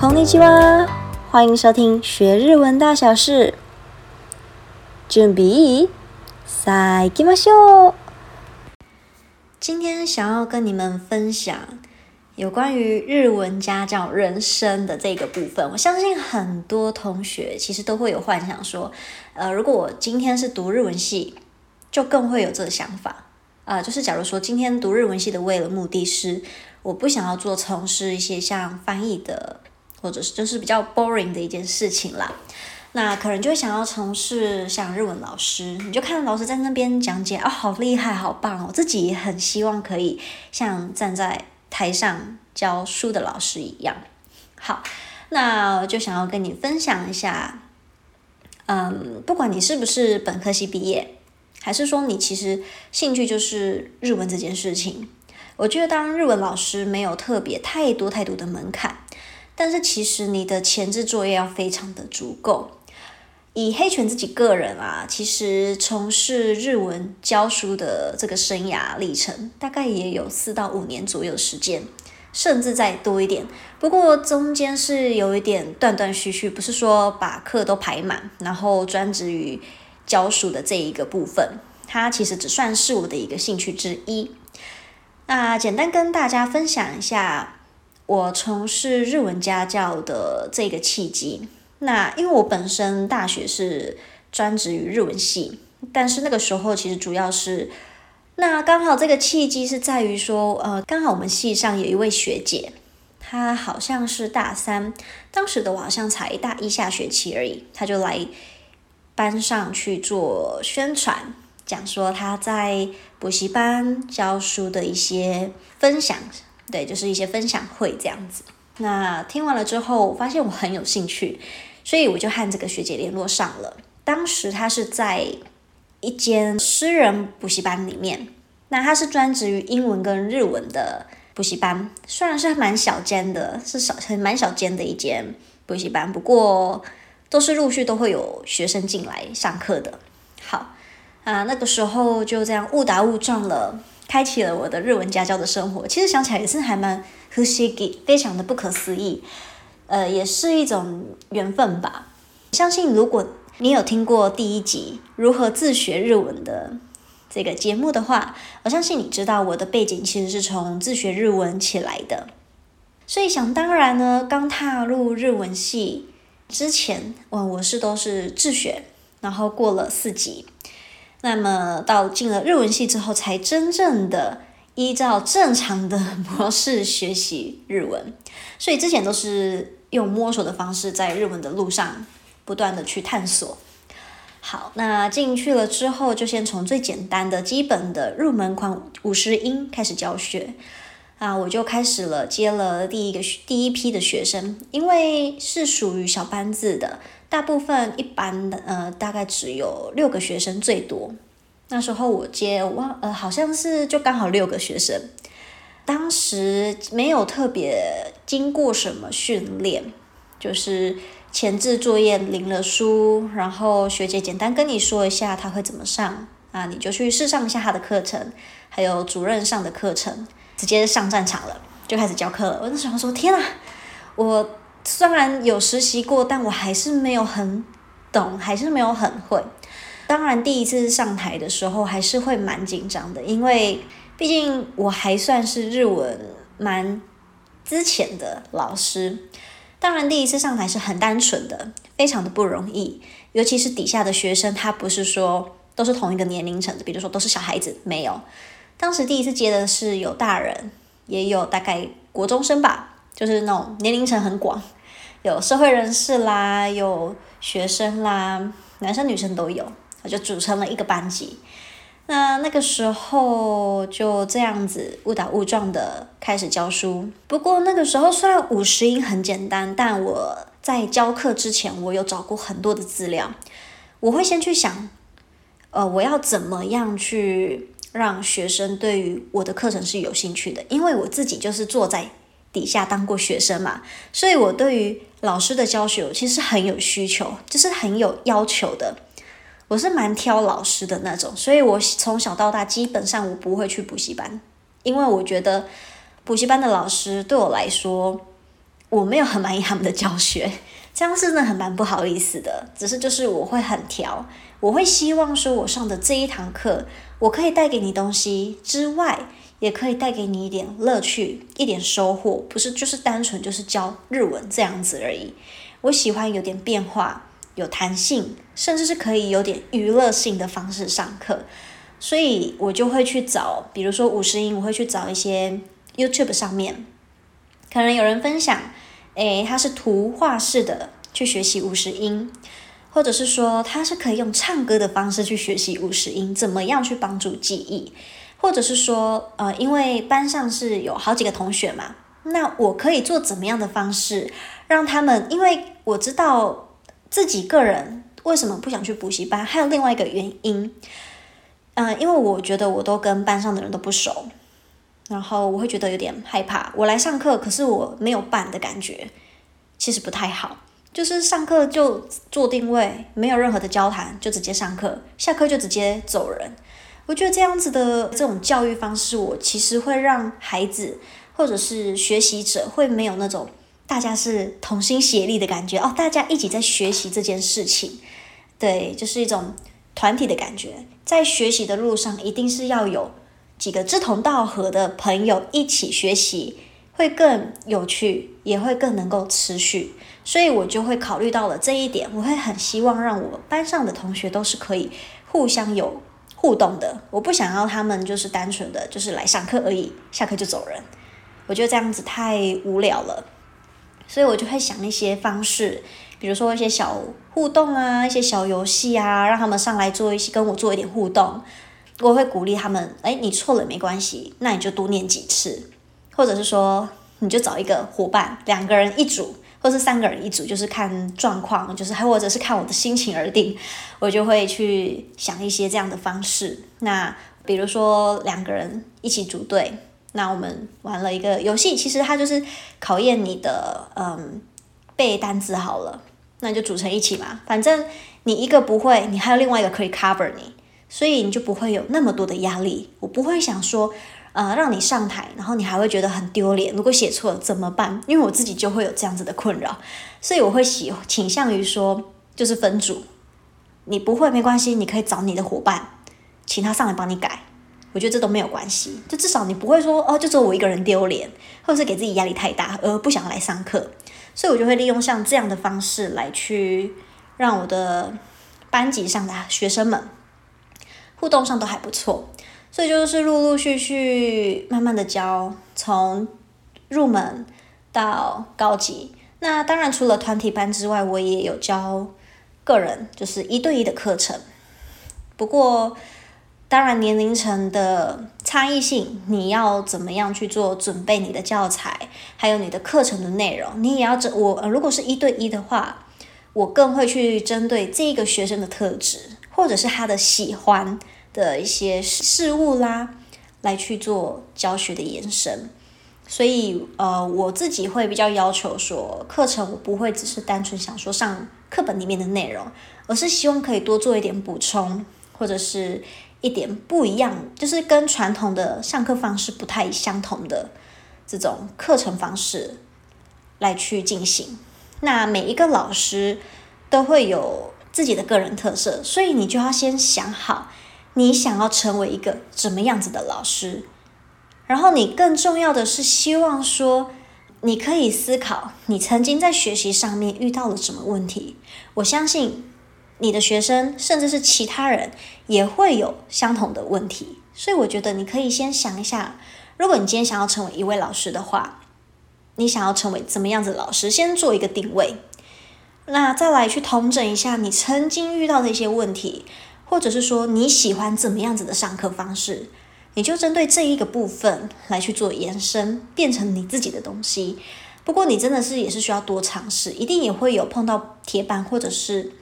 こんにちは，歡迎收聽學日文大小事。準備，さあいきましょう。今天想要跟你們分享有關於日文家教人生的這個部分。我相信很多同學其實都會有幻想說，呃，如果我今天是讀日文系，就更會有這個想法啊、呃。就是假如說今天讀日文系的為了目的是，我不想要做從事一些像翻譯的。或者是就是比較 boring 的一件事情啦，那可能就會想要從事像日文老師，你就看老師在那邊講解，啊、哦，好厲害，好棒哦，我自己也很希望可以像站在台上教書的老師一樣。好，那我就想要跟你分享一下，嗯，不管你是不是本科系畢業，還是說你其實興趣就是日文這件事情，我覺得當日文老師沒有特別太多太多的門檻。但是其實你的前置作業要非常的足夠。以黑犬自己個人啊，其實從事日文教書的這個生涯歷程，大概也有四到五年左右時間，甚至再多一點。不過中間是有一點斷斷續續，不是說把課都排滿，然後專職於教書的這一個部分，它其實只算是我的一個興趣之一。那簡單跟大家分享一下。我從事日文家教的這個契機，那因為我本身大學是專職於日文系，但是那個時候其實主要是，那剛好這個契機是在於說，呃，剛好我們系上有一位學姐，她好像是大三，當時的我好像才大一下學期而已，她就來班上去做宣傳，講說她在補習班教書的一些分享。對，就是一些分享會這樣子。那聽完了之後，我發現我很有興趣，所以我就和這個學姐聯絡上了。當時她是在一間私人補習班裡面，那她是專職於英文跟日文的補習班，雖然是還蠻小間的是小，很蠻小間的一間補習班，不過都是陸續都會有學生進來上課的。好啊，那個時候就這樣誤打誤撞了，開啟了我的日文家教的生活，其實想起來也是還蠻不思議，非常的不可思議，呃，也是一種緣分吧。相信如果你有聽過第一集如何自學日文的這個節目的話，我相信你知道我的背景其實是從自學日文起來的，所以想當然呢，剛踏入日文系之前，我我是都是自學，然後過了四級。那麼到進了日文系之後，才真正的依照正常的模式學習日文，所以之前都是用摸索的方式在日文的路上不斷的去探索。好，那進去了之後，就先從最簡單的基本的入門款五十音開始教學。啊，我就開始了，接了第一個第一批的學生，因為是屬於小班制的，大部分一般的呃，大概只有六個學生最多。那時候我接，我忘呃，好像是就剛好六個學生。當時沒有特別經過什麼訓練，就是前置作業領了書，然後學姐簡單跟你說一下她會怎麼上，啊，你就去試上一下她的課程，還有主任上的課程。直接上戰場了，就開始教課了。我那時候說，天啊！我雖然有實習過，但我還是沒有很懂，還是沒有很會。當然，第一次上台的時候還是會蠻緊張的，因為畢竟我還算是日文蠻資淺的老師。當然，第一次上台是很單純的，非常的不容易，尤其是底下的學生，他不是說都是同一個年齡層，比如說都是小孩子，沒有。當時第一次接的是有大人，也有大概國中生吧，就是那種年齡層很廣，有社會人士啦，有學生啦，男生女生都有，我就組成了一個班級。那那個時候就這樣子誤打誤撞的開始教書。不過那個時候雖然五十音很簡單，但我在教課之前，我有找過很多的資料，我會先去想，呃，我要怎麼樣去。讓學生對於我的課程是有興趣的，因為我自己就是坐在底下當過學生嘛，所以我對於老師的教學其實很有需求，就是很有要求的。我是蠻挑老師的那種，所以我從小到大基本上我不會去補習班，因為我覺得補習班的老師對我來說，我沒有很滿意他們的教學。這樣是真的很蠻不好意思的，只是就是我會很挑，我會希望說我上的這一堂課，我可以帶給你東西之外，也可以帶給你一點樂趣，一點收穫，不是就是單純就是教日文這樣子而已。我喜歡有點變化，有彈性，甚至是可以有點娛樂性的方式上課，所以我就會去找，比如說五十音，我會去找一些 YouTube 上面可能有人分享。誒、欸，他是圖畫式的去學習五十音，或者是說他是可以用唱歌的方式去學習五十音，怎麼樣去幫助記憶，或者是說，呃，因為班上是有好幾個同學嘛，那我可以做怎麼樣的方式讓他們？因為我知道自己個人為什麼不想去補習班，還有另外一個原因，嗯、呃，因為我覺得我都跟班上的人都不熟。然後我會覺得有點害怕，我來上課，可是我沒有伴的感覺，其實不太好。就是上課就坐定位，沒有任何的交談，就直接上課，下課就直接走人。我覺得這樣子的這種教育方式，我其實會讓孩子或者是學習者會沒有那種大家是同心協力的感覺哦，大家一起在學習這件事情，對，就是一種團體的感覺。在學習的路上，一定是要有。幾個志同道合的朋友一起學習會更有趣，也會更能夠持續，所以我就會考慮到了這一點。我會很希望讓我班上的同學都是可以互相有互動的，我不想要他們就是單純的，就是來上課而已，下課就走人。我覺得這樣子太無聊了，所以我就會想一些方式，比如說一些小互動啊，一些小遊戲啊，讓他們上來做一些跟我做一點互動。我會鼓勵他們，哎，你錯了沒關係，那你就多念幾次，或者是說，你就找一個夥伴，兩個人一組，或是三個人一組，就是看狀況，就是還或者是看我的心情而定，我就會去想一些這樣的方式。那比如說兩個人一起組隊，那我們玩了一個遊戲，其實它就是考驗你的，嗯，背單字好了，那你就組成一起嘛，反正你一個不會，你還有另外一個可以 cover 你。所以你就不會有那麼多的壓力。我不會想說，呃，讓你上台，然後你還會覺得很丟臉。如果寫錯了怎麼辦？因為我自己就會有這樣子的困擾，所以我會喜傾向於說，就是分組。你不會沒關係，你可以找你的伙伴，請他上來幫你改。我覺得這都沒有關係，就至少你不會說哦，就只有我一個人丟臉，或者是給自己壓力太大，而不想來上課。所以我就會利用像這樣的方式來去讓我的班級上的學生們。互動上都還不錯，所以就是陸陸續續慢慢的教，從入門到高級。那當然除了團體班之外，我也有教個人，就是一對一的課程。不過，當然年齡層的差異性，你要怎麼樣去做準備你的教材，還有你的課程的內容，你也要整……我，呃，如果是一對一的話，我更會去針對這個學生的特質。或者是他的喜歡的一些事物啦，來去做教學的延伸。所以，呃，我自己會比較要求說，課程我不會只是單純想說上課本裡面的內容，而是希望可以多做一點補充，或者是一點不一樣，就是跟傳統的上課方式不太相同的這種課程方式來去進行。那每一個老師都會有自己的個人特色，所以你就要先想好，你想要成為一個怎麼樣子的老師。然後你更重要的是希望說，你可以思考你曾經在學習上面遇到了什麼問題。我相信你的學生甚至是其他人也會有相同的問題，所以我覺得你可以先想一下，如果你今天想要成為一位老師的話，你想要成為怎麼樣子的老師，先做一個定位。那再來去統整一下你曾經遇到的一些問題，或者是說你喜歡怎麼樣子的上課方式，你就針對這一個部分來去做延伸，變成你自己的東西。不過你真的是也是需要多嘗試，一定也會有碰到鐵板，或者是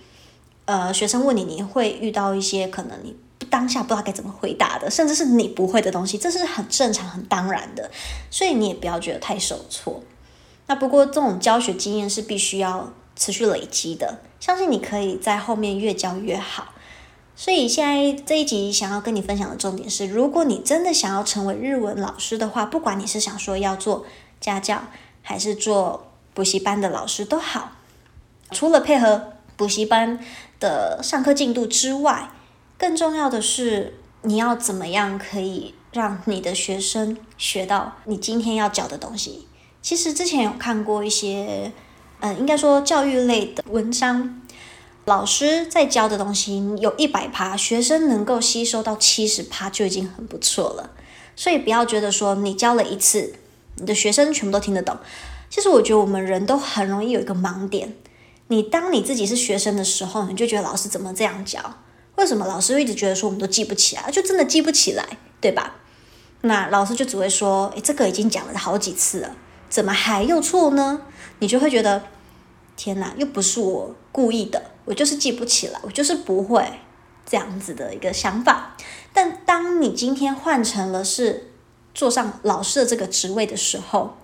呃學生問你，你會遇到一些可能你不當下不知道該怎麼回答的，甚至是你不會的東西，這是很正常、很當然的，所以你也不要覺得太受挫。那不過這種教學經驗是必須要。持續累積的，相信你可以在後面越教越好。所以現在這一集想要跟你分享的重點是：如果你真的想要成為日文老師的話，不管你是想說要做家教，還是做補習班的老師都好，除了配合補習班的上課進度之外，更重要的是你要怎麼樣可以讓你的學生學到你今天要教的東西。其實之前有看過一些。嗯，應該說教育類的文章，老師在教的東西，有一百趴，學生能夠吸收到七十趴就已經很不錯了。所以不要覺得說你教了一次，你的學生全部都聽得懂。其實我覺得我們人都很容易有一個盲點，你當你自己是學生的時候，你就覺得老師怎麼這樣教？為什麼老師一直覺得說我們都記不起來？就真的記不起來，對吧？那老師就只會說，誒、欸，這個已經講了好幾次了。怎麼還有錯呢？你就會覺得，天哪，又不是我故意的，我就是記不起來，我就是不會這樣子的一個想法。但當你今天換成了是坐上老師的這個職位的時候，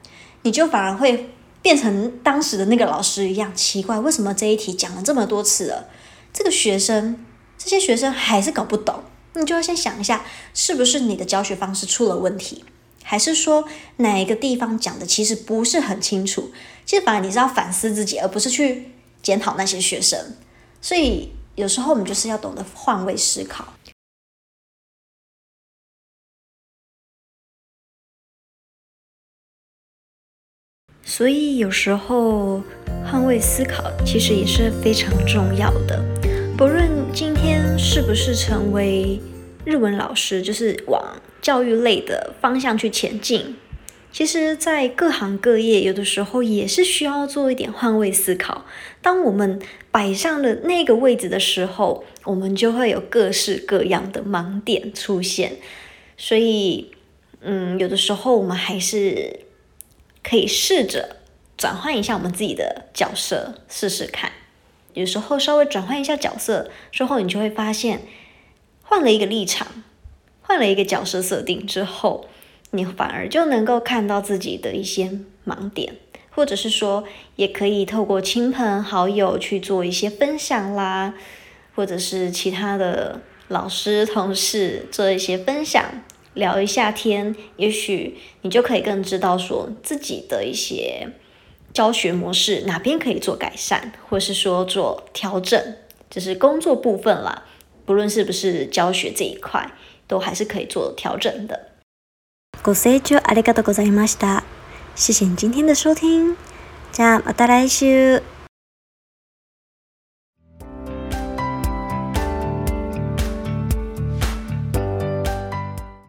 你就反而會變成當時的那個老師一樣，奇怪，為什麼這一題講了這麼多次了？這個學生，這些學生還是搞不懂，你就要先想一下，是不是你的教學方式出了問題？還是說哪一個地方講的其實不是很清楚？其實反而你是要反思自己，而不是去檢討那些學生。所以有時候我們就是要懂得換位思考。所以有時候換位思考其實也是非常重要的。不論今天是不是成為日文老師，就是往，教育類的方向去前進，其實，在各行各業，有的時候也是需要做一點換位思考。當我們擺上了那個位置的時候，我們就會有各式各樣的盲點出現。所以，嗯，有的時候我們還是可以試着轉換一下我們自己的角色，試試看。有時候稍微轉換一下角色之後，你就會發現，換了一個立場。換了一個角色設定之後，你反而就能夠看到自己的一些盲點，或者是說，也可以透過親朋好友去做一些分享啦，或者是其他的老師、同事做一些分享，聊一下天，也許你就可以更知道說自己的一些教學模式哪邊可以做改善，或是說做調整，就是工作部分啦，不論是不是教學這一塊，都還是可以做調整的。ご清聴ありがとうございました。謝謝今天的收聽。